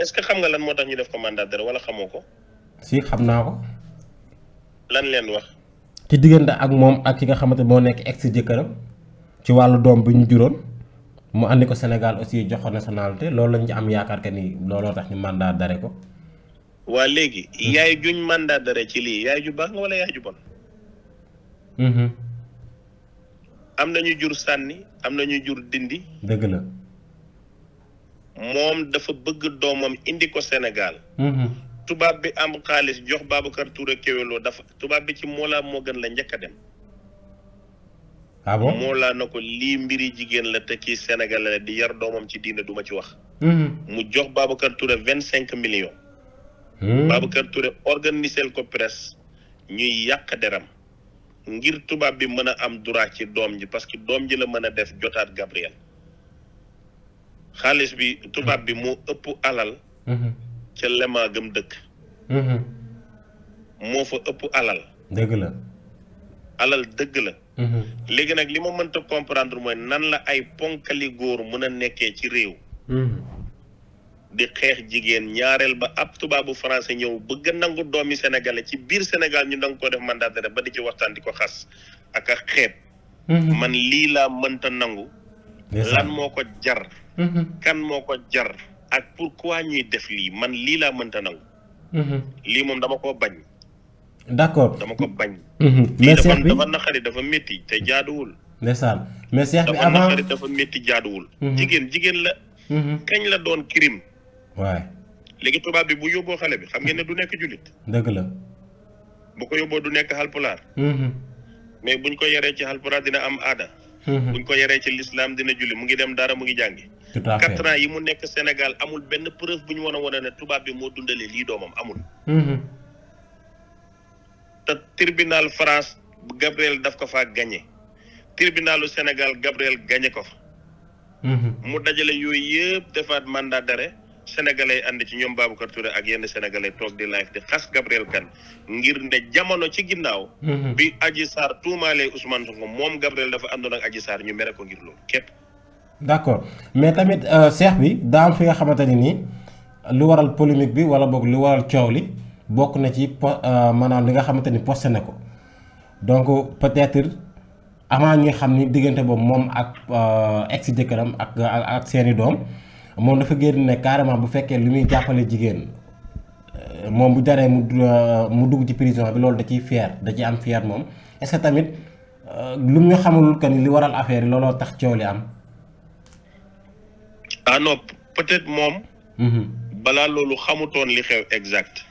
est-ce que xam nga lan moo tax ñu def ko mandataire wala xamoo ko si xam naa ko lan leen wax ci diggante ak moom ak ki nga xamante moo nekk si jëkkëram ci wàllu doom bi ñu juróon mu àndi ko Sénégal aussi jox ko nationalité loolu lañ ci am yaakaar que ni looloo tax ñu mandataire ko waa léegi mhm. yaay juñ mandataire ci lii yaay ju baax nga wala yaay ju bon am na ñu jur sànni am na ñu jur dindi dëgg la moom dafa bëgg doomam indi ko senegal mm-hmm. tubaab bi am xaalis jox Babacar Touré Kewelo dafa tubaab bi ci Mawla moo gën la njëkk a dem. ah bon na ko lii mbiri jigéen la te kii Sénégal di yar doomam ci diine duma ci wax. Mm-hmm. mu jox Babacar Touré vingt cinq millions. Mm-hmm. Babacar Touré organisé ko presse ñuy yàq deram ngir tubaab bi mën a am droit ci doom ji parce que doom ji la mën a def jotaat Gabriel. xaalis bi tubaab bi mu ëpp alal mhm. ca lemaa gëm dëkk mhm. moo fa ëpp alal dëgg la alal dëgg la mhm. léegi nag li ma mënta comprendre mooy nan la ay ponkali góor mën a nekkee ci réew di xeex jigéen ñaareel ba ab tubaabu français ñëw bëgg a nangu doomi sénégalais ci biir senegal ñu danga ko def mandat ba di ci waxtaan di ko xas ak a xeeb man lii laa mënta nangu lan moo ko jar Mm-hmm. kan moo ko jar ak pourquoi ñuy def lii man lii laa mënta nangu. Mm-hmm. lii moom dama ko bañ. d'accord dama ko bañ. Mm-hmm. mais bi dafa naqari dafa métti te jaaduwul. ndeysaan mais seex bi avant jigéen jigéen la. kañ la doon crime. waay léegi tubaab bi bu yóbboo xale bi xam ngeen du nekk jullit. dëgg la. bu ko yóbboo du nekk halpulaar. mais buñ ko yaree ci halpulaar dina am aada. Mhm. buñ ko yaree ci lislaam dina julli mu ngi dem dara mu ngi jàngi quatre ans yi mu nekk senegal amul benn preuve bu ñu wan a wan ne tubaab bi moo dundalee lii doomam amul mhm. te tribunal France Gabriel daf ko faa gagné tribunalu Sénégal Gabriel gagné ko fa mhm. mu dajale yooyu yëpp defaat mandat d'arrêt sénégalais ànd ci ñoom Babacar Touré ak yenn sénégalais toog di live di xas Gabriel Kane ngir ne jamono ci ginnaaw. Mm-hmm. bi Adji Sarr tuumaalee Ousmane Sonko moom Gabriel dafa àndoon ak Adji Sarr ñu mere ko ngir loolu képp. d'accord mais tamit seex euh, bi daa am fi nga xamante ne nii lu waral polémique bi wala boog lu waral coow li bokk na ci po euh, maanaam li nga xamante ni posté na ko donc peut-être avant ñi xam ni diggante boobu moom ak euh, ex jëkkëram ak ak seeni doom. moom dafa génn ne carrément bu fekkee lu muy jàppale jigéen euh, moom bu jaree mu euh, mu dugg ci prison bi loolu da ciy fier da ciy am fier moom est-ce tamit euh, lu muy xamul que ni li waral affaire yi looloo tax coow li am. ah non peut-être moom. Mhm. balaa loolu xamutoon li xew exact.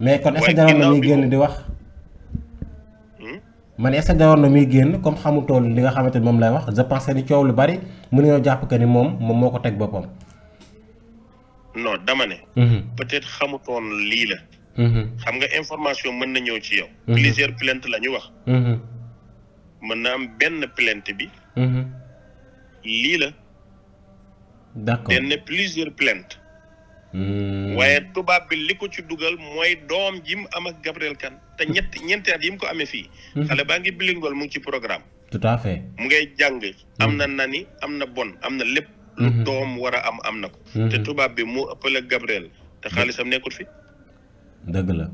mais kon est-ce que génn di wax. man est-ce que jaroon na muy génn comme xamutool li nga xamante ni moom lay wax je pense ni coow lu bari mën nañoo jàpp que ni moom moom moo ko teg boppam. non dama ne. Mhm. peut-être xamutoon lii la. Mhm. xam nga information mën na ñëw ci yow. Mhm. plusieurs plainte la ñu wax. mën na am benn plainte bi. lii la. d'accord benn plusieurs plainte. waaye tubaab bi li ko ci dugal mooy doom ji mu am ak Gabriel Kane. te ñett ñeenti at yi mu ko amee fii. Mhm. xale baa ngi bilingool mu ci programme. tout mu ngay jàng. am na mhm. na ni am na bon am na lépp. lu mhm. doom war a am am na ko. te tubaab bi mu ëppale Gabriel te xaalisam nekkul fi. dëgg la.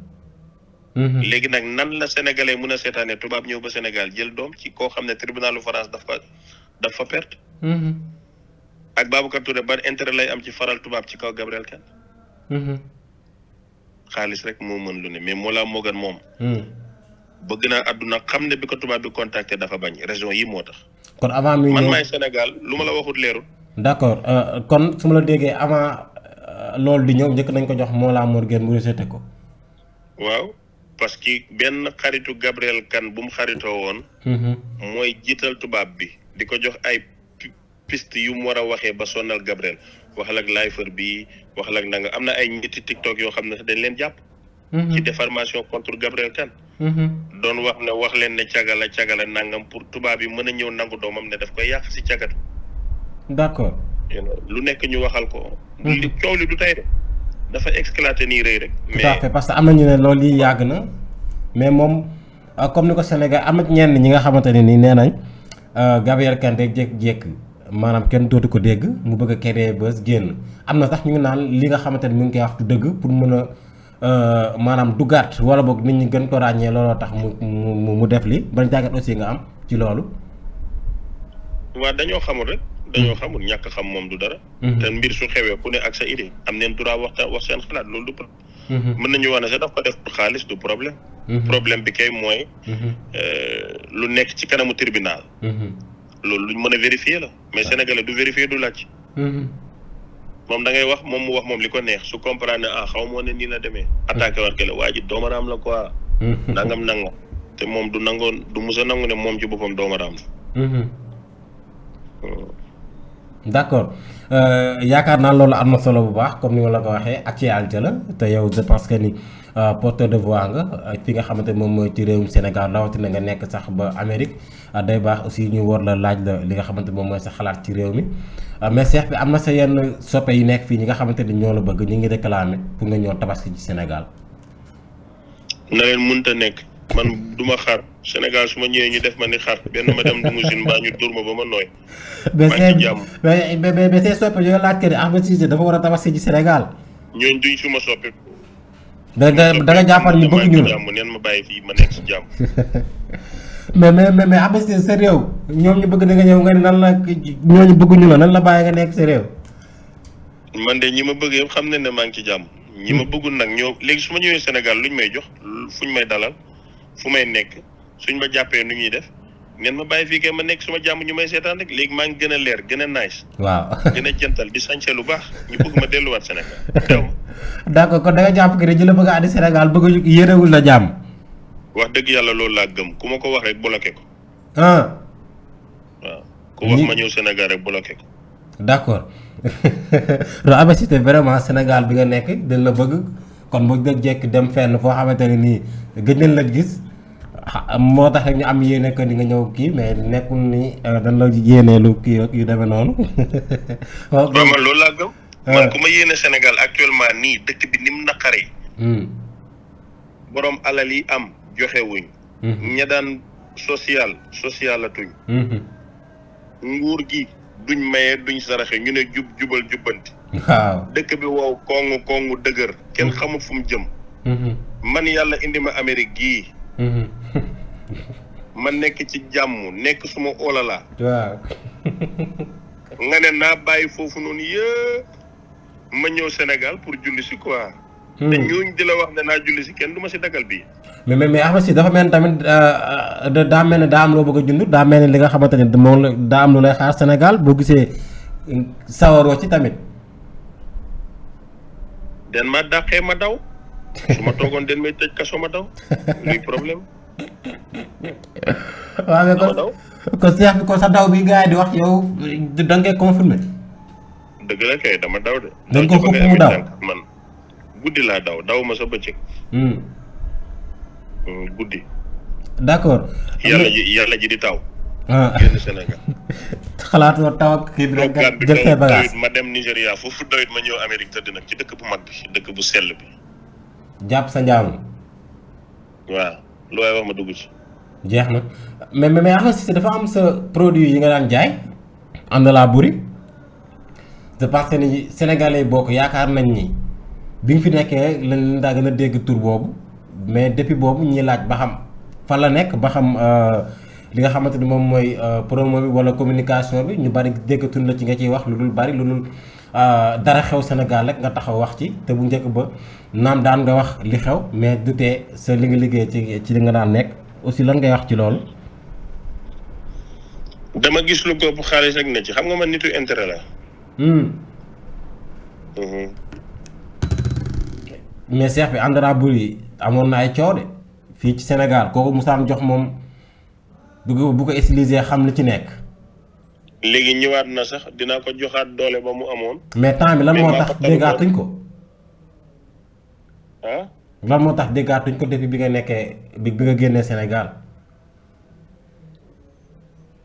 léegi nag nan la sénégalais mun a seetaanee tubaab ñëw ba Sénégal jël doom ci koo xam ne tribunalu France daf fa daf fa perte. ak Babacar Touré ban intérêt lay am ci faral tubaab ci kaw Gabriel Kane. xaalis rek moo mën lu ne mais Mollah Morgun moom. Hmm. bëgg naa àdduna xam ne bi ko tubaab bi contacté dafa bañ région yi moo tax. kon avant muy man maay Sénégal lu ma la waxut leerul. d' accord euh, kon su ma la déggee avant euh, loolu di ñëw njëkk nañ ko jox Mollah Morgun mu sete ko. waaw parce que benn xaritu Gabriel Kane bu mu xaritoo woon. mooy jiital tubaab bi di ko jox ay piste yu mu war a waxee ba sonal Gabriel. waxal ak lifer bi waxal ak nanga am na ay ñetti tiktok yoo xam ne dañ leen jàpp. Mhm. ci déformation contre Gabriel Kane. Mhm. doon wax ne wax leen ne cagala cagala nangam pour tubaab yi mën a ñëw nangu doomam ne daf koy yàq si cagatu. d'accord. lu nekk ñu waxal ko. Mhm. li coow li du tey de dafa éclaté nii rey rek. mais tout parce que am na ñu ne loolu yi yàgg na mais moom euh, comme ni ko Sénégal am ak ñenn ñi nga xamante ne nii nee nañ euh, Gabriel Kane rek jékki-jékki. maanaam kenn dootu ko dégg mu bëgg a créer génn am na sax ñu ngi naan li nga xamante ne mu ngi koy wax du dëgg pour mën a euh, maanaam duggaat wala boog nit ñi gën ko ràññee looloo tax mu mu mu def li ban jàngat aussi nga am ci loolu. waaw dañoo xamul rek. dañoo hmm. xamul ñàkk xam moom du dara. Hmm. te mbir su xewee ku ne ak sa idée am neen droit waxtaan wax seen xalaat loolu du problème. Hmm. mën nañu wax ne sax daf xaalis du problème. problème bi kay mooy. Euh, lu nekk ci kanamu tribunal. loolu luñ mën a vérifier la mais sénégalais du vérifier du laaj. Mhm. moom da ngay wax moom mu wax moom li ko neex su comprendre ne ah xaw moo ne nii la demee. Mhm. attaqué war ke la waa ji doomaraam la quoi. Mhm. nangam nangam te moom du nangoon du mus a nangu ne moom ci boppam doomaraam la. Hmm. d' accord euh, yaakaar naa loolu am na solo bu baax comme ni ma la ko waxee actualité la te yow je que ni. Euh, porteur de voix nga fi euh, nga xamante moom mooy ci réewum Sénégal na nga nekk sax ba Amérique euh, day baax aussi ñu war la laaj la li nga xamante moom mooy sa xalaat ci réew mi mais seex bi am na sa yenn soppe yi nekk fii ñi nga xamante ni ñoo la bëgg ñu ngi réclamer pour nga ñëw tabaski ci Sénégal. na leen mënta nekk man duma xar Sénégal su ma ñëwee ñu def ma ni xar benn ma dem Dumusin mbaa ñu dur ma ba ma nooy. maa ngi jàmm mais mais soppe yooyu laaj que ni Ahmed Cissé dafa war a tabaski ci Sénégal. ñooñu duñ suma soppe da da da nga jàppoon ñu bëgg ñu la neen ma bàyyi fii ma nekk si jàmm. mais mais mais xam nga sa réew ñoom ñu bëgg da ñëw nga ne nan la ñooñu nan la bàyyi nga nekk man de ñi ma bëgg yëpp xam nañ ne maa ngi ci jàmm. ñi ma hmm. bëggul nag ñoo léegi su ma ñëwee Sénégal luñ may jox fuñ may dalal fu may nekk suñ ma jàppee nu ñuy def neen ma bàyyi fii kay ma nekk su jàmm ñu may seetaan rek léegi maa ngi gën a leer gën a nice. waaw gën a jantal di sañse lu baax ñu bëgg ma delluwaat Sénégal d'accord kon da nga jàpp que dañu la bëgg a andi Sénégal bëgg a yéenewul jàmm. wax dëgg yàlla loolu laa gëm ku ma ko wax rek bloqué ko. ah. waaw ku wax ma ñëw Sénégal rek bloqué ko. d'accord loo amee vraiment Sénégal bi nga nekk dañ la bëgg kon bu nga jekk dem fenn foo xamante ne nii gën nañ la gis. Ah, moo tax rek ñu am yéene que ni nga ñëw kii mais nekkul ni euh, dañ la yéeneelu kii yu demee noonu. waaw loolu laa gëm. man ku ma yéene Sénégal actuellement nii dëkk bi ni mu naqaree. Hmm. borom alal yi am joxewuñ wuñ. Hmm. ña daan social socialatuñ. Hmm. nguur gi duñ maye duñ saraxe ñu ne jub jubal jubbanti. dëkk bi wow kongu kongu dëgër kenn xamul fu mu jëm. man yàlla indi ma Amérique gii. ma nekk ci jàmm nekk suma olala. nga ne naa bàyyi foofu noonu yëpp. ma ñëw Sénégal pour julli si quoi. Hmm. te ñooñu di la wax ne naa julli si kenn du ma si dagal bii. mais mais mais Ahmed si dafa mel ni tamit euh, euh, daa mel ne daa am loo bëgg a junj daa mel ne li nga xamante ne moom daa am lu lay xaar senegal boo gisee sawaroo ci tamit. den ma dàqee ma daw su ma toogoon den may tëj kaso ma daw luy problème. waaw mais kon ko seex bi kon sa daw bi gars yi di wax yow da nga koy confirmé. dëgg la kay dama daw de. dañ ko xub daw man guddi laa daw daw ma sa bëccëg. Hmm. Hmm, guddi. d' accord. yàlla ji yàlla ji di taw. Ah. génn Sénégal. xalaatoo taw ak kii bi rek ma dem Nigéria foofu dawit ma ñëw Amérique tëdd nag ci dëkk bu mag bi dëkk bu sell bi. jàpp sa njaamu. waaw lu waay wax ma dugg ci. jeex na mais mais mais Akhlé dafa am sa produit yi nga daan jaay. ànd laa buri je pense que ni yaakaar nañ ni bi nga fi nekkee lañ daa gën a dégg tur boobu mais depuis boobu ñi laaj ba xam fan la nekk ba xam euh, li nga xamante ni moom mooy euh, promo bi wala communication bi ñu bari déggatun la ci nga ciy wax lu dul bari lu dul euh, dara xew Sénégal rek nga taxaw wax ci te bu njëkk ba naam daan nga wax li xew mais du sa li nga liggéey ci ci li nga daan nekk aussi lan ngay wax ci loolu. dama gis lu góob xaalis rek ne ci xam nga man nit intérêt Mm. Mm mais seex bi Andra Boury amoon na ay coow de fii ci Sénégal kooku musaan jox moom bu ko bu ko utiliser xam li ci nekk. léegi ñëwaat na sax dina ko joxaat doole ba mu amoon. mais temps bi lan moo tax déggaatuñ ko. ah. lan moo tax déggaatuñ ko depuis bi nga nekkee bi bi nga génnee Sénégal.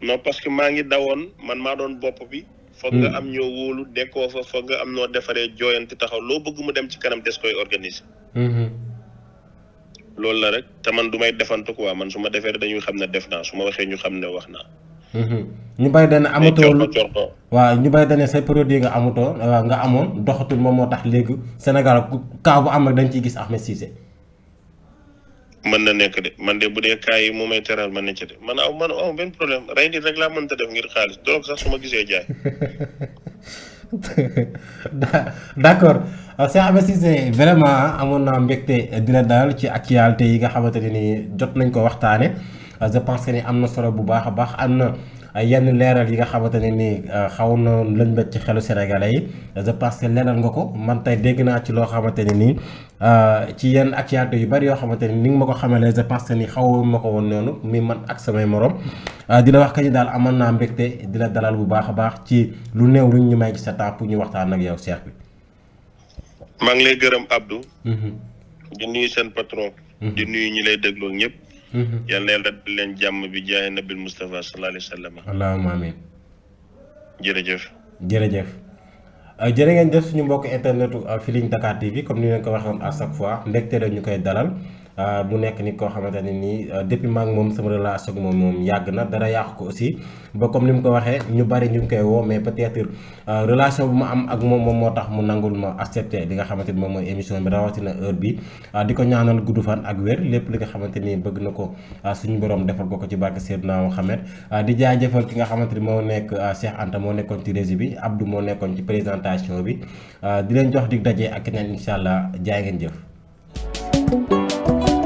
non parce que maa ngi dawoon man maa doon bopp bi. foog nga hmm. am ñoo wóolu dekkoo fa foog nga am noo defaree jooyante taxaw loo bëgg mu dem ci kanam des koy organiser. Hmm. loolu la rek te man du may defantu waa man su ma defee dañuy xam ne def naa su ma waxee ñu xam ne wax naa. Hmm. ñu bàyyi dana amatoo waa ñu bàyyi dana say produit nga amatoo nga amoon doxatul ma moo tax léegi Sénégal kaa bu am rek dañ ciy gis Ahmed mën na nekk de man de bu dee kaay yi mu may teral mën na ci de man aw man aw benn problème rey nit rek laa mënta def ngir xaalis drogue sax su ma gisee jaay. d' accord euh, Cheikh Ahmed Cissé vraiment amoon naa mbégte dina daal ci actualité yi nga xamante ne ni jot nañ ko waxtaane euh, je pense que ni am na solo bu baax a baax am na. yenn leeral yi nga xamante ne nii euh, xaw na lëñbët ci xelu sénégalais yi je pense que leeral nga ko man tey dégg naa ci loo xamante ne nii euh, ci yenn actualité yu bari yoo xamante ni ni nga ma ko xamalee je pense que ni xaw ma ko woon noonu mi man ak samay morom euh, dina la wax que daal amoon naa mbégte di la dalal bu baax a baax ci lu néew lu ñu may ci sa temps ñu waxtaan ak yow Cheikh bi. maa ngi lay gërëm Abdou. Mhm. di nuyu seen patron. Mhm. di nuyu ñi lay déglu ñëpp. Mhm. yal na yàlla dal leen jàmm bi jaay nabil Moustapha sallallahu alayhi wa sallam. jërëjëf. jërëjëf. Euh, jërë ngeen def suñu mbokk internetu Feeling Dakar bi comme ni leen ko waxoon à chaque fois ndegte la ñu koy dalal. Euh, mu nekk ni koo xamante ne nii euh, depuis maak moom sama relation ak moom moom yàgg na dara yàqu ko aussi ba comme ni mu ko waxee ñu bari ñu ngi koy woo mais peut-être euh, relation bu ma am ak moom moom moo tax mu nangul ma accepté li nga xamante ni moom mooy émission bi rawatina heure bi di ko ñaanal gudd fan ak wér lépp li xamante ni bëgg na ko suñu borom defal ko ko ci barke Seydina Mohamed di jaajëfal ki nga xamante ni moo nekk Cheikh Anta moo nekkoon ci régie bi Abdou moo nekkoon ci présentation bi di leen jox di daje ak keneen incha allah jaay ngeen jëf.